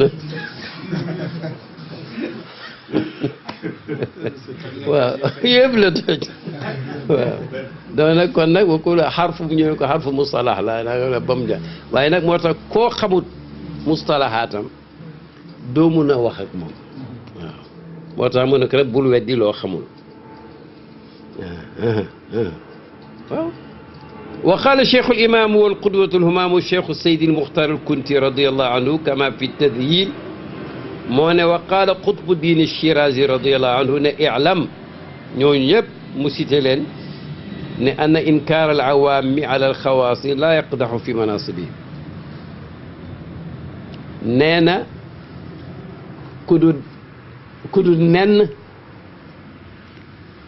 nag waaw yëpp la toj waaw nag kon nag bokkul xarfu bu ñëwee ko xarfu mustalax la la ba mu ja waaye nag moo tax koo xamut mustalaxaatam doo mun a wax ak moom moo tax mu ne ko rek bul weddi xamul wa qaala cheikhul imaam wal qudwatul humaam cheikhu saydil muxtaar al kunti radiyallahu anhu kama fi tadyin moo ne wa qaala qutbu diini shiraazi radiyallahu anhu ne i'lam ñooñu ñëpp mu cité leen ne anna inkaar al awaami ala al xawaasi laa yaqdaxu fi manaasibi nee na ku du ku du nenn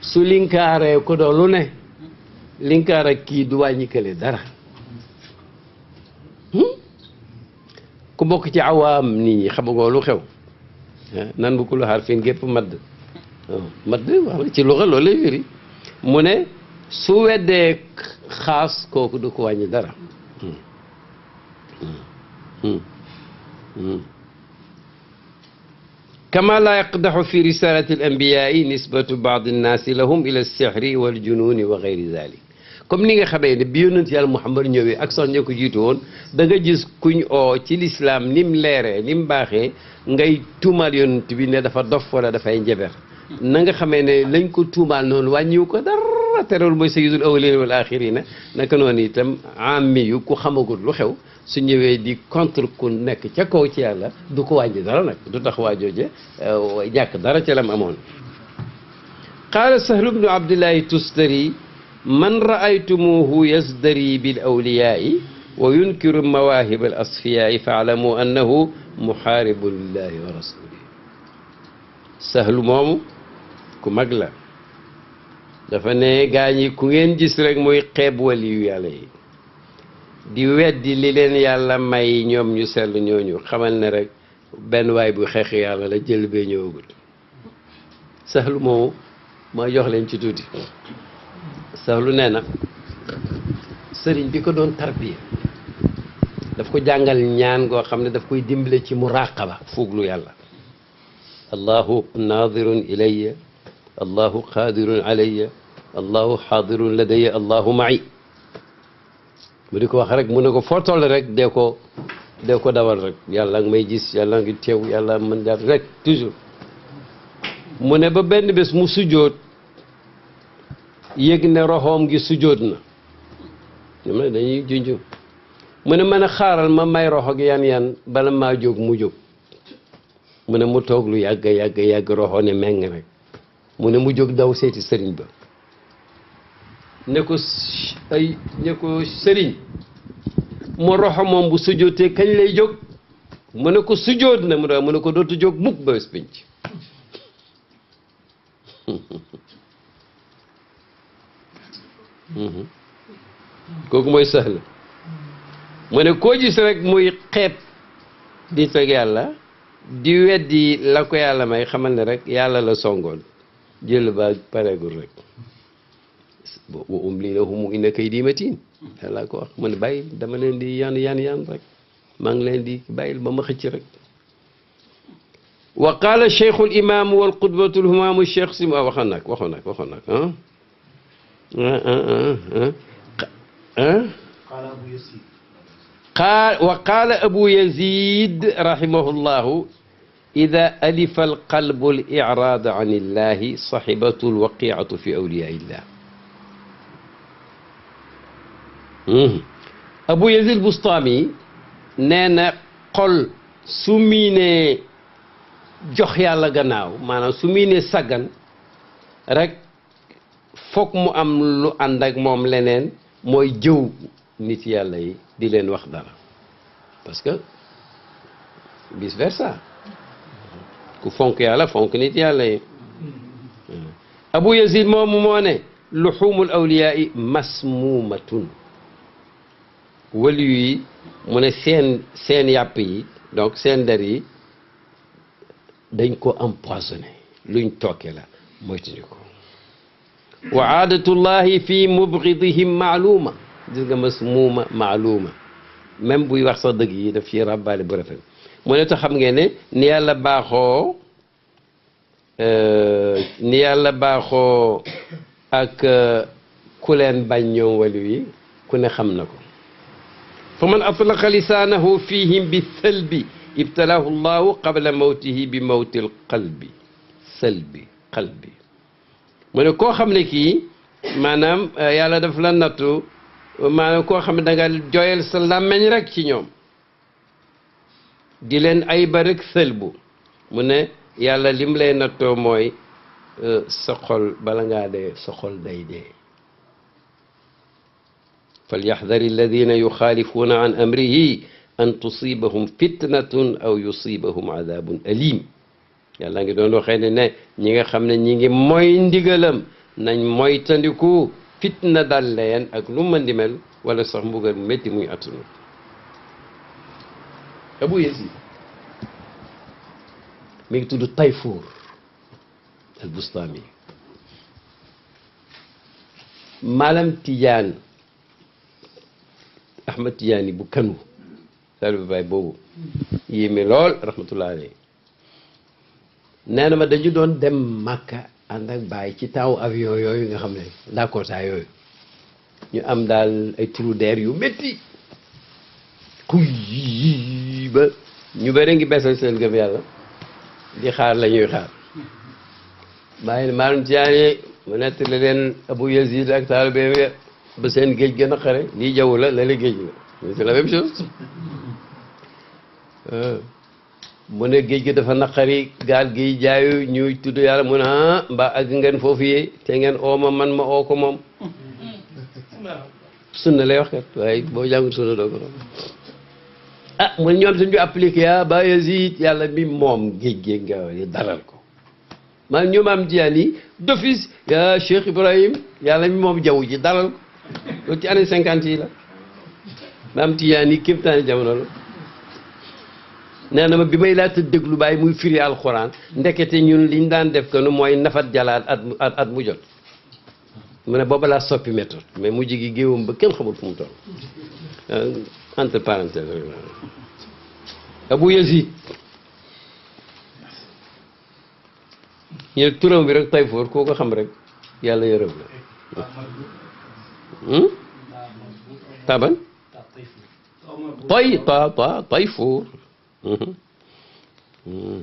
su linkaaree ko doon lu ne. linkaar ak kii du wàññi kële dara hmm? ku bokk ci awaam nit ñi xamagoo lu xew eh, nan bu ku lu xarfin gépp madd oh, madd wax ci luxa loolu lay firi mu ne su xaas kooku du ko wàññi dara hmm. hmm. kama laa yaqdaxu fi risalati al anbiyaai nisbatu baad annaasi lahum ila alsixri waljununi wa gayri dalik comme ni nga xamee ne bi yonent yàlla Muhammad ñëwee ak sax ña ko jiitu woon da nga kuñ oo ci lislaam ni mu leeree ni mu baaxee ngay tuumaal yonent bi ne dafa dof wala dafay njaber na nga xamee ne lañ ko tuumaal noonu wàññiwu ko dara te loolu mooy sayyidul awwalina wal axirina naka noonu itam ammi yu ku xamagul lu xew su ñëwee di contre ku nekk ca kaw ci yàlla du ko wàññi dara nag du tax waa jooje euh, ñàkk dara ca lam amoon qaala sahlu bnu abdillahi man ra'aytumuuhu yasdari bil awliyaa'i wa yunkiru mawaahib al asfiyaa'i faalamu annahu muxaaribu lillahi wa rasulihi sahlu moomu ku mag la dafa ne gaa ñi ku ngeen gis rek muy xeeb waliyu yàlla yi di weddi li leen yàlla may ñoom ñu sell ñooñu xamal ne rek benn waay bu xeex yàlla la jël bee ñëwagut sahlu moomu ma jox leen ci tuuti sawlu nee na sëriñ bi ko doon tarbiya daf ko jàngal ñaan goo xam ne daf koy dimbale ci muraqaba fuuglu yàlla allahu naadirun ilayya allahu qaadirun alayya allahu xaadirun ladayya allahu may mu di ko wax rek mu ne ko foo toll rek dee ko dee ko dawal rek yàlla ngi may gis yàlla ngi teew yàlla mën jaar rek toujours mu ne ba benn bés mu sujjoot yëg ne roxoom gi sujjóot na ma dañuy junj mu ne mën a xaaral ma may roxo gi yan yan bala maa jóg mu jóg mu ne mu toog lu yàgg yàgg yàgg roxo ne meng rek mu ne mu jóg daw seeti sëriñ ba ne ko ay ne sëriñ mu roxo moom bu sujjóotee kañ lay jóg mu ne ko sujjóot na mu ne ko dootu jóg mukk ba bés Mhm. kooku mooy sahla mu ne koo gis rek muy xeeb di teg yàlla di weddi la ko yàlla may xamal ne rek yàlla la songoon jël ba pareegul rek wa umli lahum inna kaydi matin yàlla ko wax mu ne bàyyi dama leen di yan yan yan rek maa ngi leen di bàyyil ba ma xëcc rek wa qaala cheikhul imaamu wal qudbatul humaamu cheikh si ah, waxoon nag waxoon nag waxoon nag ah qaal wa qaala abu yazid rahimahullahu ida alifa alqalbu alicraada an illahi saxibatu alwaqiatu fi awliyaillah hmm. abu yazid bustaami nee na xol su miinee jox yàlla gannaaw maanaam su miinee saggan rek foog mu am lu ànd ak moom leneen mooy jëw nit yàlla yi di leen wax dara parce que vice versa ku fonk yàlla fonk nit yàlla yi hmm. abu yazid moomu moo ne luxumul awliyaa yi masmuumatun waliyu yi mu ne seen yàpp yi donc seen der yi dañ ko empoisonné luñ tooke la moytuñu ko wa aadatullahi fi mubridihim maaluma gis nga mas muuma maaluma même buy wax sax dëgg yi daf ci ràbbaale bu rafet mu ne te xam ngeen ne ni yàlla baaxoo euh, ni yàlla baaxoo ak euh, ku leen bañ ñoom wali yi ku ne xam na ko fa man atlaqa lisaanahu fihim bi salbi ibtalahu llahu qabla mawtihi bi mawti alqalbi salbi qalbi mu ne koo xam ne kii maanaam euh, yàlla daf la nattu maanaam koo xam ne da nga jooyal sa làmmeñ rek ci ñoom di leen ay ba rek sëlbu mu ne yàlla lim lay nattoo mooy euh, sa xol bala ngaa dee sa xol day dee falyaxdar alladina yuxaalifuuna an amrihi an tusibahum fitnatun aw yusibahum adabun alim yàlla ngi doon waxee ne ne ñi nga xam ne ñi ngi mooy ndigalam nañ moytandiku fitna dal leen ak lu mën mel wala sax mbugal mu métti at attunu abu yasi mi ngi tudd tayfuur al bustaami maalam tijaan ahmad yi bu kanu sal bi baay boobu yéeme lool rahmatullah alayhi nee na ma dañu doon dem Màkka ànd ak bàyyi ci taw avion yooyu nga xam ne Dakota yooyu ñu am daal ay trou d'air yu métti xuy ba ñu bëri ngi besal seen gëm yàlla di xaar lañuy ñuy xaar bàyyi maalum tiyaani mu nett la leen Abu Yazid ak taalibeem ya ba seen géej gën a xare lii jaww la lale géej la c'est la même chose euh. mu ne géej gi dafa naqari gaal gi jaayu ñuy tudd yàlla mu ne ah mbaa àgg ngeen foofu yee te ngeen oo ma man ma oo ko moom sunna lay wax kat waaye boo jàngul sunna doo ko ah mu ne ñoom suñu appliqué ya ah, ba Yazid yàlla mi moom géej gi nga dalal ko man ñu maam jiyaan yi d'office ya Cheikh Ibrahim yàlla mi moom jaww ji dalal ko loolu ci année cinquante yi la maam Tijaan yi képp taani jamono la nee na ma bi may laata déglu mu muy firi alxuraan ndekete ñu li ndaan def kanu mooy nafat jalaat at mu at mu ne booba laa soppi méthode mais mu jigi géewam ba kenn xamul fu mu toll euh, entre Abu Yazid ñu turam bi rek Tayfoor koo ko rek yàlla yërëm Mm-hmm. Mm-hmm.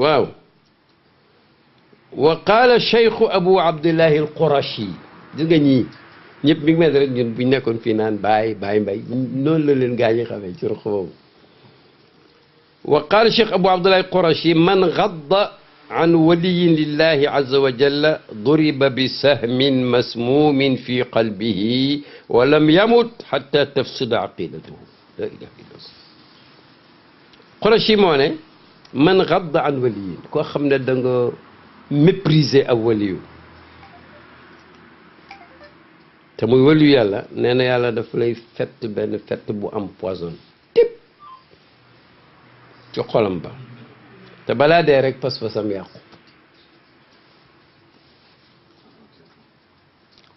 waaw wa qaala cheikhu abou abdillahi alqurashi gis nga ñii ñëpp mi ngi mel rek ñun buñ nekkoon fii naan baay baay mbay noonu la leen gaa ñi xamee ci ruq boobu wa qaala cheikh abou abdillahi alqurashi man gadda an waliyin lillahi azza wa jalla duriba bi sahmin masmumin fi qalbihi wa lam yamut xatta tafsuda aqidatuhu la ilaha illa Qurashi moo ne man gadda an waliyin koo xam ne da nga mépriser ab waliyu te muy waliyu yàlla nee na yàlla daf lay fett benn fett bu am poison tip ci xolam ba te balaa dee rek pas-pasam yàqu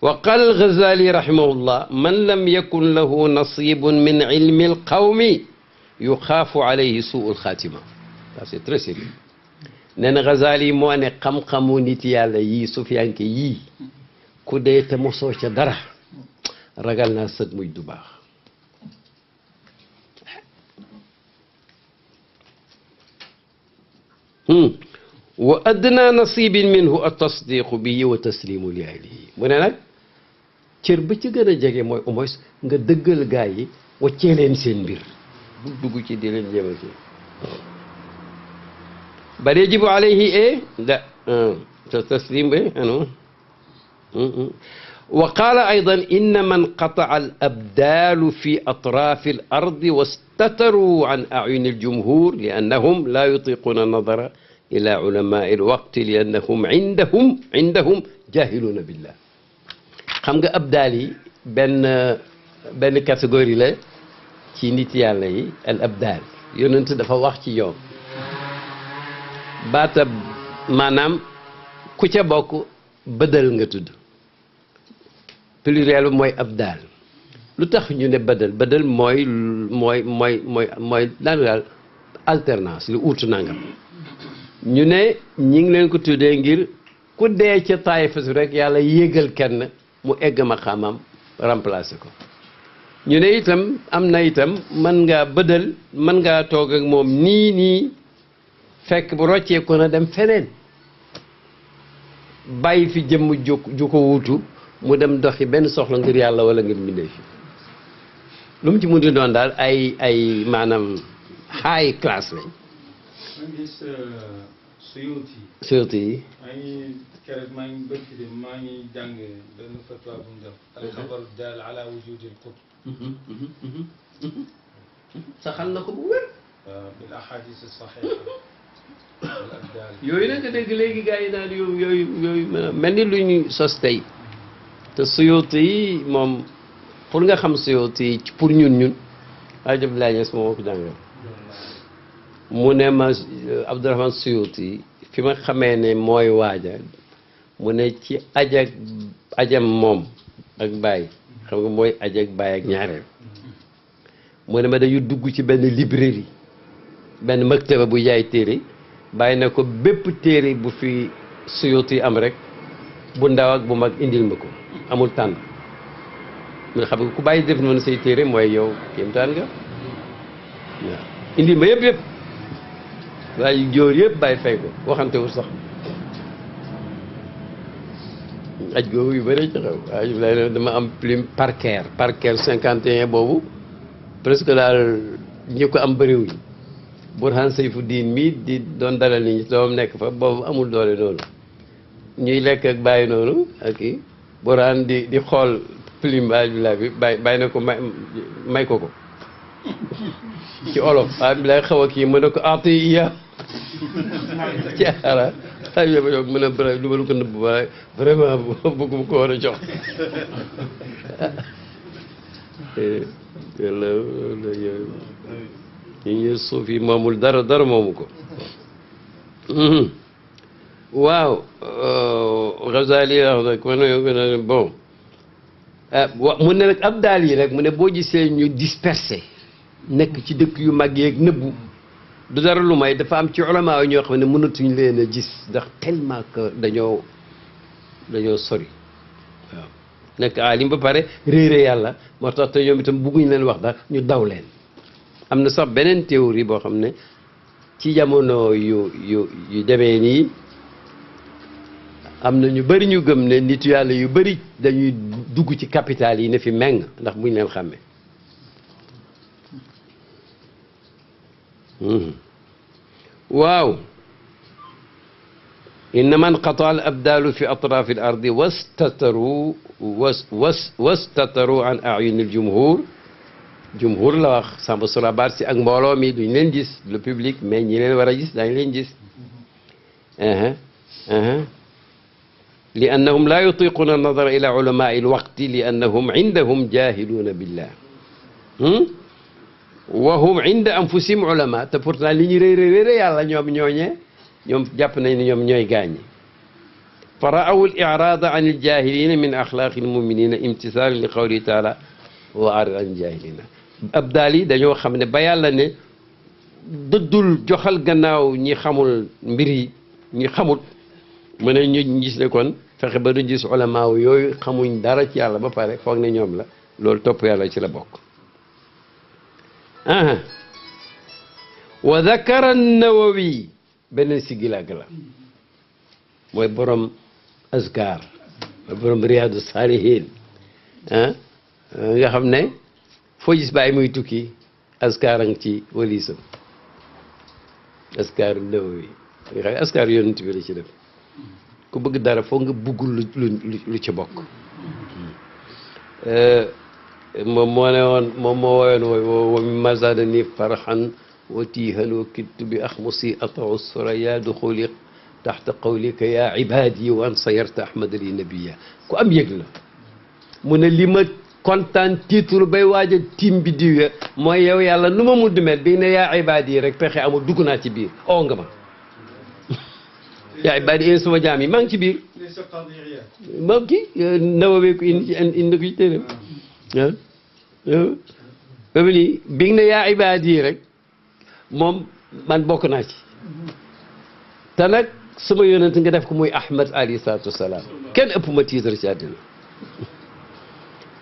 wa qaala al-Ghazali rahimahullah man lam yakun lahu nasibun min ilmi al-qawmi yuxaafu alayhi suul xaatima ça c'est très sérieux nee na Ghazali moo yàlla yii sufiyanke yii ku dee te mosoo ca dara ragal naa sët muy du baax hmm. wa adna nasibin minhu at-tasdiqu bihi wa taslimu li ahlihi mu ne nag cër ba ci gën a jege mooy au moins nga dëggal gaa yi waccee leen seen mbir bul dugg ci di leen jéem a kii bal yajibu alayhi e da ah, taslim e ano wa qala aydan inna man qata'a al abdalu fi atrafi al ardi wastataru an a'yuni al jumhur li annahum la yutiquna nadara ila ulama'i al waqti li annahum indahum indahum jahiluna billah xam nga abdaal yi benn benn catégorie la ci nit yàlla yi al abdaal yonent dafa wax ci ñoom baata maanaam ku ca bokk bëdal nga tudd pluriel mooy daal lu tax ñu ne bëdal bëdal mooy mooy mooy mooy mooy daanu alternance lu uutu nangam ñu ne ñi ngi leen ko tuddee ngir ku dee ca taayifatu rek yàlla yégal kenn mu egg ma xamam remplacer ko ñu ne itam am na itam mën ngaa bëddal mën ngaa toog ak moom nii nii fekk bu rocceeku na dem feneen bàyyi fi jëmm ju ko wuutu mu dem dox doxi benn soxla ngir yàlla wala ngir mbindee fi lu mu ci mun di doon daal ay ay maanaam high class lañ. keroog maa ngi bëgg de maa ngi jàng benn fatwa bu ñu def. Mhm. alxabaru daal ala wujudil qutb. Mhm, mhm, saxal na ko bu wér. waaw bil ahadis saxiixa yooyu nag dégg léegi gars yi daal yooyu yooyu yooyu mel ni lu ñu sos tey te suyuuti yi moom pour nga xam suyuuti yi pour ñun ñun rajo bi laa ñees moo ko jàngal. mu ne ma Abdourahmane Suyuuti yi fi ma xamee ne mooy waaja mu ne ci aj ajam moom ak baay xam nga mooy aj ak baay ak ñaareel mu ne ma dañu dugg ci benn librairie benn maktaba buy jaay téere bàyyi na ko bépp téere bu fi suyootu am rek bu ndaw ak bu mag indil ma ko amul tànn mun xam nga ku bàyyi def noonu say téere mooy yow kéemtaan nga waaw indil ma yëpp yëpp waaye jóor yëpp bàyyi fay ko waxante sax aj googu yu bëri ci xew waaye bi lay dama am plume parker parker cinquante et un boobu presque daal ñi ko am bëriwuñ Burhan Sayfuddin mii di doon dalal ni ñi doomam nekk fa boobu amul doole noonu ñuy lekk ak bàyyi noonu ak kii Burhan di xool plume waaye bi bàyyi bàyyi na ko may ko ko ci olof waaye bi lay xaw a kii mën na ko ati ya ci ara ay yow yow mu ne Brahima du ma lu ko nëbb waaye vraiment bëgg mu ko war a jox yàlla ñu ñu suuf yi moomul dara dara moomu ko waaw euh, Ghazali wax nag man ne bon ah, mu ne nag ab daal yi rek mu ne boo gisee ñu dispersé nekk ci dëkk yu mag yeeg nëbbu du dara lu may dafa am ci ulama yi ñoo xam ne mënatuñu leen a gis ndax tellement que dañoo dañoo sori waaw nekk alim ba pare réere yàlla moo tax te ñoom itam bugguñ leen wax daal ñu daw leen am na sax beneen théorie boo xam ne ci jamono yu yu yu demee nii am na ñu bëri ñu gëm ne nit yàlla yu bari dañuy dugg ci capital yi ne fi meng ndax buñ leen xàmme Hmm. waaw innama anqata al abdaalu fi atraafi al ardi wastataru was was wastataru an ayuni al jumhur jumhur la wax Samba Surabaar si ak mbooloo mi duñ leen gis le public mais ñi leen war a gis daañu leen gis li annahum laa yutiquuna an nadara ila ulamaai al waqti li annahum indahum jaahiluuna billah hmm? wa hum inda anfusihim ulama te pourtant li ñu rëy rëy rëy yàlla ñoom ñooñee ñoom jàpp nañ ne ñoom ñooy gaañi fa raaw al iraada an al jahilina min axlaaqi al muminina imtisal li qawlihi taala wa arid an al jahilina ab daal yi dañoo xam ne ba yàlla ne dëddul joxal gannaaw ñi xamul mbir yi ñi xamut mu ne ñu gis ne kon fexe ba du gis ulamaaw yooyu xamuñ dara ci yàlla ba pare foog ne ñoom la loolu topp yàlla ci la bokk wa dakara nawawi beneen si gilaag la mooy borom azkar mooy borom riyaadu saalihin ah nga xam ne foo gis bàyyi muy tukki azkar a ngi ci walisam azkar nawawi nga xam ne azkar la ci def ku bëgg dara foog nga bëggul lu ci bokk moom moo ne woon moom moo woyoon wooy wa mimma zaadani farxan wa tiihan wa kittu bi axmusi atou soraya duxuli taxta qawlika ya ibadi wa an sayarta ahmada li nabiya ku am yëg la mu ne li ma kontaan titre bay waaj a tiim bi diw ya mooy yow yàlla nu ma mudd mel bi ne yaa ibaadi yi rek pexe amul dugg naa ci biir oo nga ma yaa ibaadi yi eh, sama jaam yi maa ngi ci biir moom ki nawaweeku in indi ko ci téeréem ba mu nii bi ne yaa ibaad yi rek moom man bokk naa ci te nag sama yonent nga def ko muy Ahmad alayhi salaatu wasalaam kenn ëpp ma tiitar ci àddina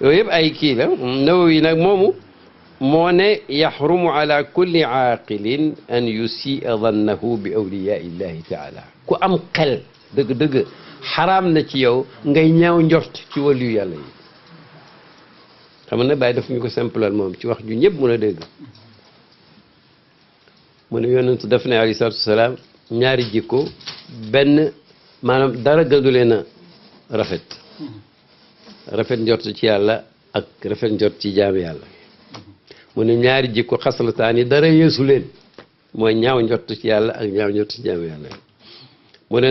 yooyu yëpp ay kii la Nawawi nag moomu moo ne yaxrumu ala kulli aaqilin an yusia dannahu bi awliyaa illahi taala ku am xel dëgg-dëgg xaraam na ci yow ngay ñaaw njort ci wàllu yàlla yi xam na bàyyi dafa ñu ko simplal moom ci wax ju ñëpp mën a dégg mu ne yonentu def ne alayhi salaatu salaam ñaari jikko benn maanaam dara gënu leen a rafet rafet njort ci yàlla ak rafet njort ci jaam yàlla mu ne ñaari jikko xaslataan yi dara mooy ñaaw njort ci yàlla ak ñaaw njort ci jaam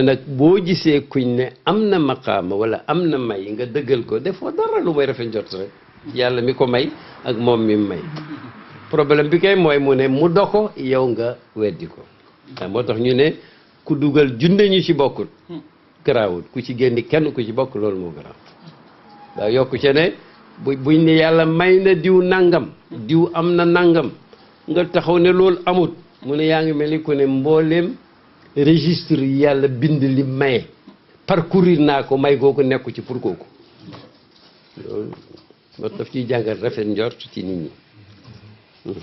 nag boo gisee kuñ ne am na maqaama wala am na may nga dëggal ko defoo dara lu may rafet njort rek yàlla mi ko may ak moom mi may problème bi kay mooy mu ne mu do ko yow nga weddi ko ah, moo tax ñu ne ku dugal junne ñu ci bokkut garaawut ku ci génn kenn ku ci bokk loolu moo garaaw waaw yokku ci ne bu buñ ne yàlla may na diw nangam diw am na nangam nga taxaw ne loolu amut mu ne yaa ngi mel ni ku ne mbooleem registre yàlla bind li maye parcourir naa ko may googu nekku ci pour kooku loolu daf ciy jàngal rafet njort ci nit ñi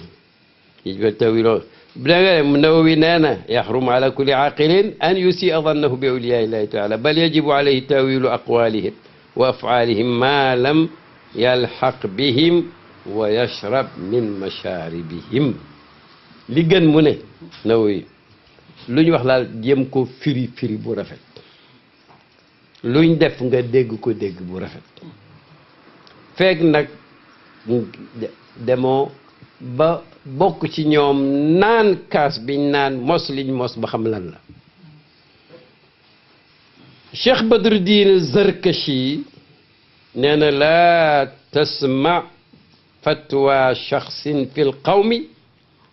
yijbal tawiloo bidanga Nawawi nee na yaxrum ala kulli aqilin an yusia dannahu bi awliya illahi taala bal yajibu alayhi tawilu aqwalihim wa afaalihim ma lam yalxaq bihim wa yashrab min masharibihim li gën mu ne Nawawi lu ñu wax laal jéem ko firi firi bu rafet luñ def nga dégg ko dégg bu rafet feeg nag demoo ba bokk ci ñoom naan kaas biñ naan mos liñ mos ba xam lan la cheikh badruddin zarkashi nee na laa tasma fatwa shaxsin fi lqawmi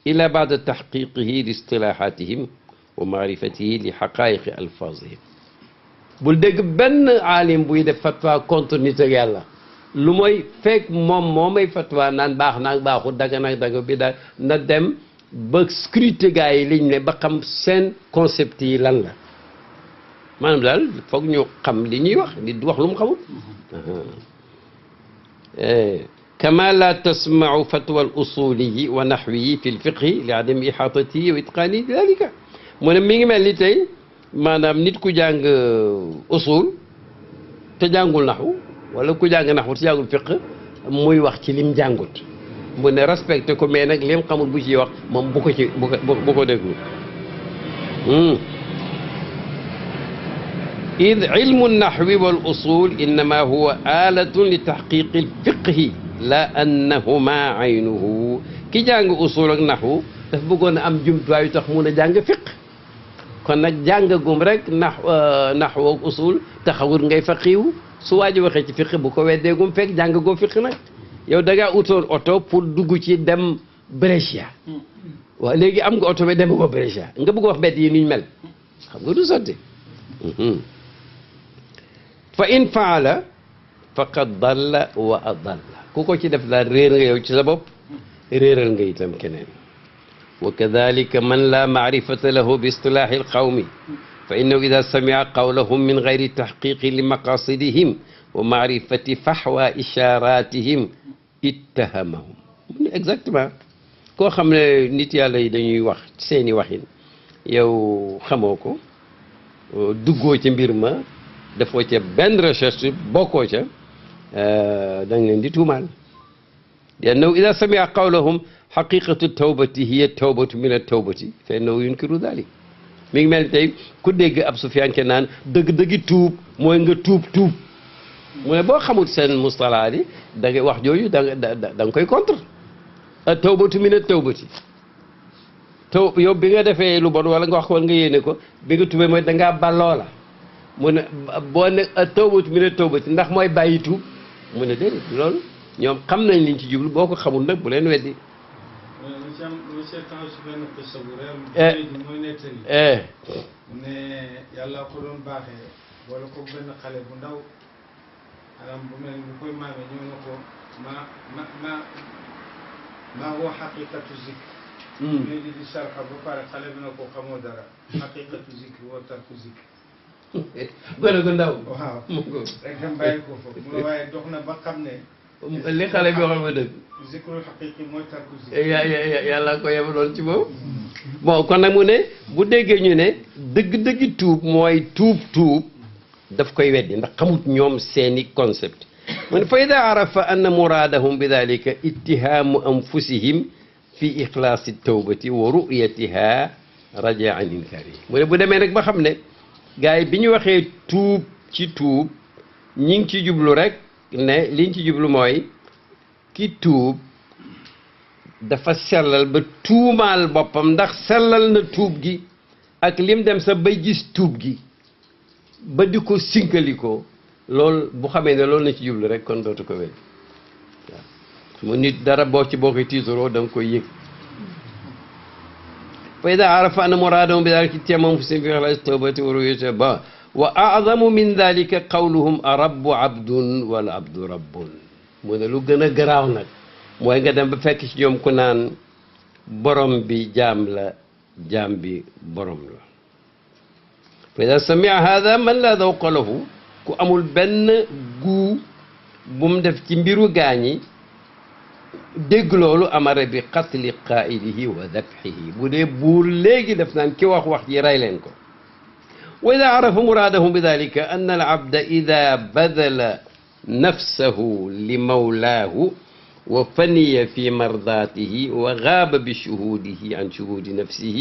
ila baada taxqiqihi li istilahatihim wa maarifatihi li xaqaayiqi alfaazihim bul dégg benn aalim buy def fatwa contre nit ak yàlla lu mooy fekk moom moo may fatwa naan baax naag baaxul daga naag daga bi da na dem ba scruté gars yi liñ ne ba xam seen concept yi lan la maanaam daal foog ñu xam li ñuy wax di wax lu mu xamul uh-huh. eh, kama la tasmau fatwa al usuliyi wa naxwiyi fi lfiqhi li adami ixaatatihi wa itqaanihi dalika mu ne mi ngi mel ni tey maanaam nit ku jàng uh, usul te jàngul naxu wala ku jàng naxwut si jàngul fiq muy wax ci lim jàngut mu ne respecté ko mais nag lim xamul bu ciy wax moom bu ko ci bu ko bu ko déglu hmm. id ilmu naxwi wal usul innama huwa alatun li taxqiqi lfiqhi la annahuma aynuhu ki jàng usul ak naxwu daf bëggoon a am jumtuwaayu tax mun a jàng fiq kon nag jàng gum rek nax euh, naxwu ak usul taxawul ngay faqiwu su waa ji waxee ci fiq bu ko weddeegum fekk jàng goo fiq nag yow daga ngaa utoon oto pour dugg ci dem Brescia waaw léegi am nga oto bi dem ko Brescia nga bëgg wax mbedd yi niñ mel xam nga du sotti mhm. fa in faala faqad dalla wa adalla ku ko ci def daal réer nga yow ci sa bopp réeral nga itam keneen wa kadalika man la maarifata lahu bi istilaahi alqawmi fa innahu ida samia qawlahum min gayri taxqiqi li maqasidihim wa maarifati faxwa isharatihim ittahamahum mu ne exactement koo xam ne nit yàlla yi dañuy wax seeni waxin yow xamoo ko duggoo ca mbir ma dafoo ca benn recherche bokkoo ca euh, dañ leen di tuumaal li annahu ida samia qawlahum xaqiqatu tawbati hiya tawbatu min at tawbati fa innahu yunkiru dalik mi ngi mel ni tey ku dégg ab sufiyanke naan dëgg-dëggi tuub mooy nga tuub tuub mu ne boo xamul seen mustalaa yi da ngay wax jooju da nga da nga koy contre a tawbatu mi ne tawbati taw yow bi nga defee lu bon wala nga wax ko nga yéene ko bi nga tubee mooy da ngaa balloo la mu ne boo ne a tawbatu mi ne tawbati ndax mooy bàyyi tuub mu ne déedéet loolu ñoom xam nañ liñ ci jublu boo ko xamul nag bu leen weddi boole ko benn xale bu ndaw anam bu mel ni bu koy maamee ñëw na ko ma ma ma maa woo xaqiqatu zikr. ñooy di di sarxa ba pare xale bi na ko xamoo dara xaqiqatu zikr woo tarku zikr. gone gu ndaw. waaw rek dem bàyyi ko fa mu ne waaye dox na ba xam ne. li xale bi waxoon ma dëgg. zikrul ko yebaloon kon nag mu ne bu déggee ñu ne dëgg dëgg tuub mooy tuub tuub daf koy weddi ndax xamut ñoom seeni concept mu ne fa ida arafa anna muraadahum bi dalika ittihaamu anfusihim fi ixlaasi tawbati wa ru'yatiha raja an inkaari mu ne bu demee nag ba xam ne gars bi ñu waxee tuub ci tuub ñi ngi ci jublu rek ne liñ ci jublu mooy ki tuub dafa sellal ba tuumaal boppam ndax sellal na tuub gi ak lim dem sa ba gis tuub gi ba di ko sinkalikoo loolu bu xamee ne loolu na ci jublu rek kon dootu ko wéy mu nit dara boo ci boo koy tiituroo da nga koy yëg fa ida arafa ana muraadahu bi daalika ci moom fi seen fi xalaas tawbati wa ruyati ba wa aadamu min dalika qawluhum arabbu abdun wala abdu rabbun mu ne lu gën a garaaw nag mooy nga dem ba fekk ci ñoom ku naan borom bi jaam la jaam bi borom la fa ida samia hada man laa dawqa lahu ku amul benn guu bu mu def ci mbiru gaañi dégg loolu amara bi qatli qaaidihi wa dabxihi bu dee buur léegi def naan ki wax wax ji rey leen ko وإذا عرفوا مرادهم بذلك أن العبد إذا بذل نفسه لمولاه وفني في مرضاته وغاب بشهوده عن شهود نفسه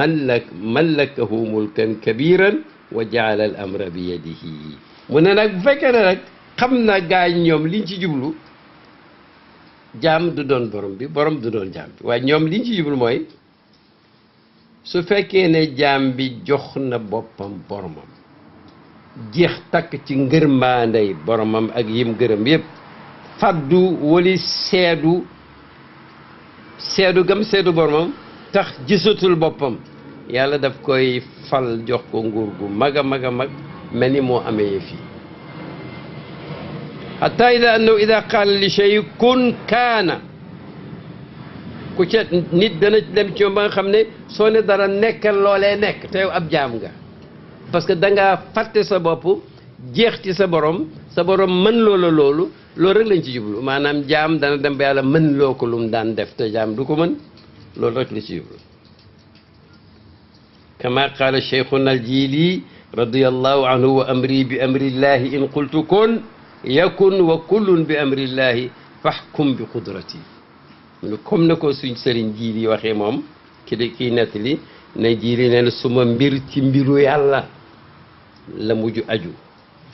ملك ملكه ملكا كبيرا وجعل الأمر بيده mu ne nag bu fekkee ne nag xam na gaay ñoom liñ ci jublu jaam du doon borom bi borom du doon jaam bi waaye ñoom liñ ci jublu mooy su fekkee ne jaam bi jox na boppam boromam jeex takk ci ngërmaandey boromam ak yim gërëm yépp faddu wali seedu seedu gam seedu boromam tax gisatul boppam yàlla daf koy fal jox ko nguur gu mag a mag a mag mel ni moo amee fii xataa ida annahu ida qaala li shay kun kaana ku ca nit dana dem ci moom ba nga xam ne soo ne dara nekkal loolee nekk te yow ab jaam nga parce que da ngaa fàtte sa bopp jeex ci sa borom sa borom mën loola loolu loolu rek lañ ci jublu maanaam jaam dana dem ba yàlla mën loo ko lu mu daan def te jaam du ko mën loolu rek la ci jublu kama qaala cheikhuna aljiili radiyallahu anhu wa amri bi amrillahi in qultu kun yakun wa kullun bi amrillahi fahkum bi qudrati comme na ko suñ sëriñ jiili waxee moom ki di kiy nettali ne jiili nee na suma mbir ci mbiru yàlla la mujj aju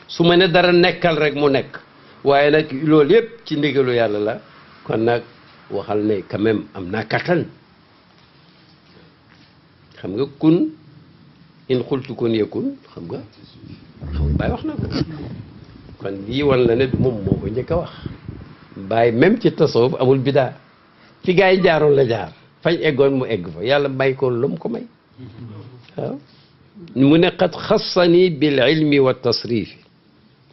su ma ne dara nekkal rek mu nekk waaye nag loolu yëpp ci ndigalu yàlla la kon nag waxal ne quand am na kattan xam nga kun in xultu kun yekun xam nga xam nga bàyyi wax na ko kon lii wan la ne moom moo ko njëkk a wax bàyyi même ci tasawuf amul bidaa fi gars yi jaaroon la jaar fañ eggoon mu egg fa yàlla may ko lu mu ko may waaw mu ne qad xassani bil ilmi wa tasrifi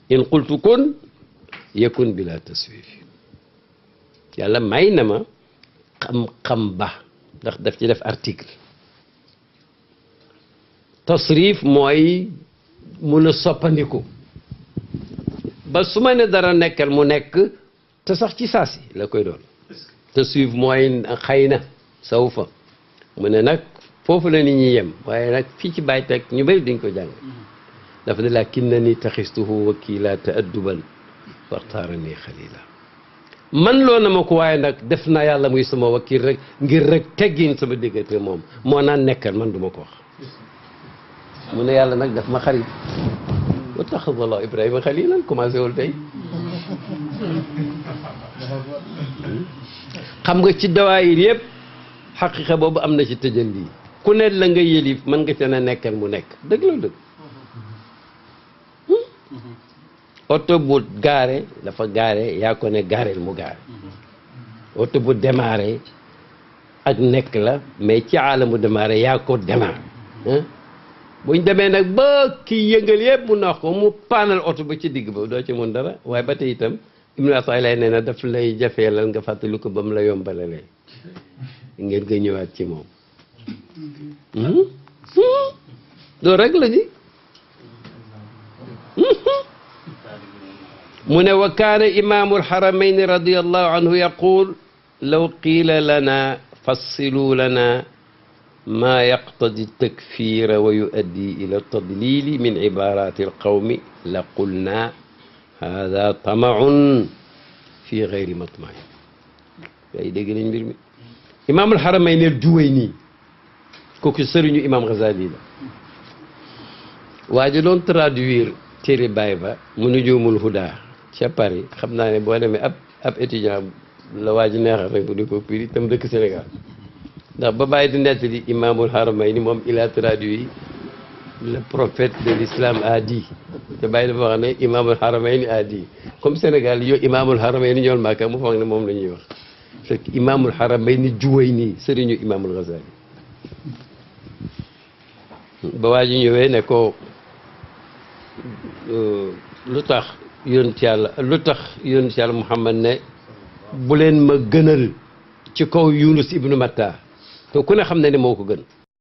in qultu kun yakun bila taswifi yàlla may na ma xam-xam ba ndax daf ci def article tasrif mooy mun a soppandiku ba su ma ne dara nekkal mu nekk te sax ci saasi la koy doon te suivre mooy na saw fa mu ne nag foofu la nit ñi yem waaye nag fii ci bàyyi rek ñu bëri dañ ko jàng mm-hmm. dafa ne lakinnani taxistuhu wakila taadduban waxtaarani xalila man loo na ma ko waaye nag def naa yàlla muy sama wakil rek ngir rek teggin sama diggante moom moo naan nekkal man du ma ko wax mu ne yàlla nag daf ma xarit wa taxadallahu ibrahima xalilan commencé wul tey xam nga ci dawaayir yépp xaqiqa boobu am na ci tëjalli ku ne la nga yëlif mën nga ca ne nekkal mu nekk dëgg la dëgg hmm? oto bu gaare dafa gaare yaa ko ne gaareel mu gaare oto bu démarré ak nekk la mais ci aalamu démarré yaa ko démarré hmm? buñ demee nag ba kii yëngal yëpp mu nox ko mu paanal oto ba ci digg ba doo ci mun dara waaye ba tey itam Ibnu Atayla nee na daf lay jafeelal nga fàttali ko ba mu la yombalalee ngeen nga ñëwaat ci moom doo hmm? hmm? rek la ji hmm? mu ne wa kaana imaamu alxaramayni radiallahu anhu yaqul law qiila lana fassiluu lana maa yaqtadi takfira wa yuaddi ila tadlili min ibarati alqawmi la qulna hada tamaun fii xayri matmain yaay dégg nañ mbir mi imaamul xaramay ne juway nii kooku sëriñu imaam Xasaali la waa ji doon traduire téere baay ba mu nu joomul hudaa ca Paris xam naa ne boo demee ab ab étudiant la waa ji neexal rek bu di ko piri tam dëkk Sénégal ndax ba bàyyi di nettali imaamul xaramay ni moom il a traduit le prophète de l'islam a dit te bàyyi dafa xam ne imaamul haramayni aadi comme Sénégal yow imaamul haramayni ñool Màkka mu foog ne moom la ñuy wax te imaamul haramayni juway nii sëriñu imaamul Ghazali ba waa ji ñëwee ne ko euh, lu tax yonent yàlla lu tax yonent yàlla Muhammad ne buleen ma gënal ci kaw Yunus ibnu Matta te ku ne xam ne ne moo ko gën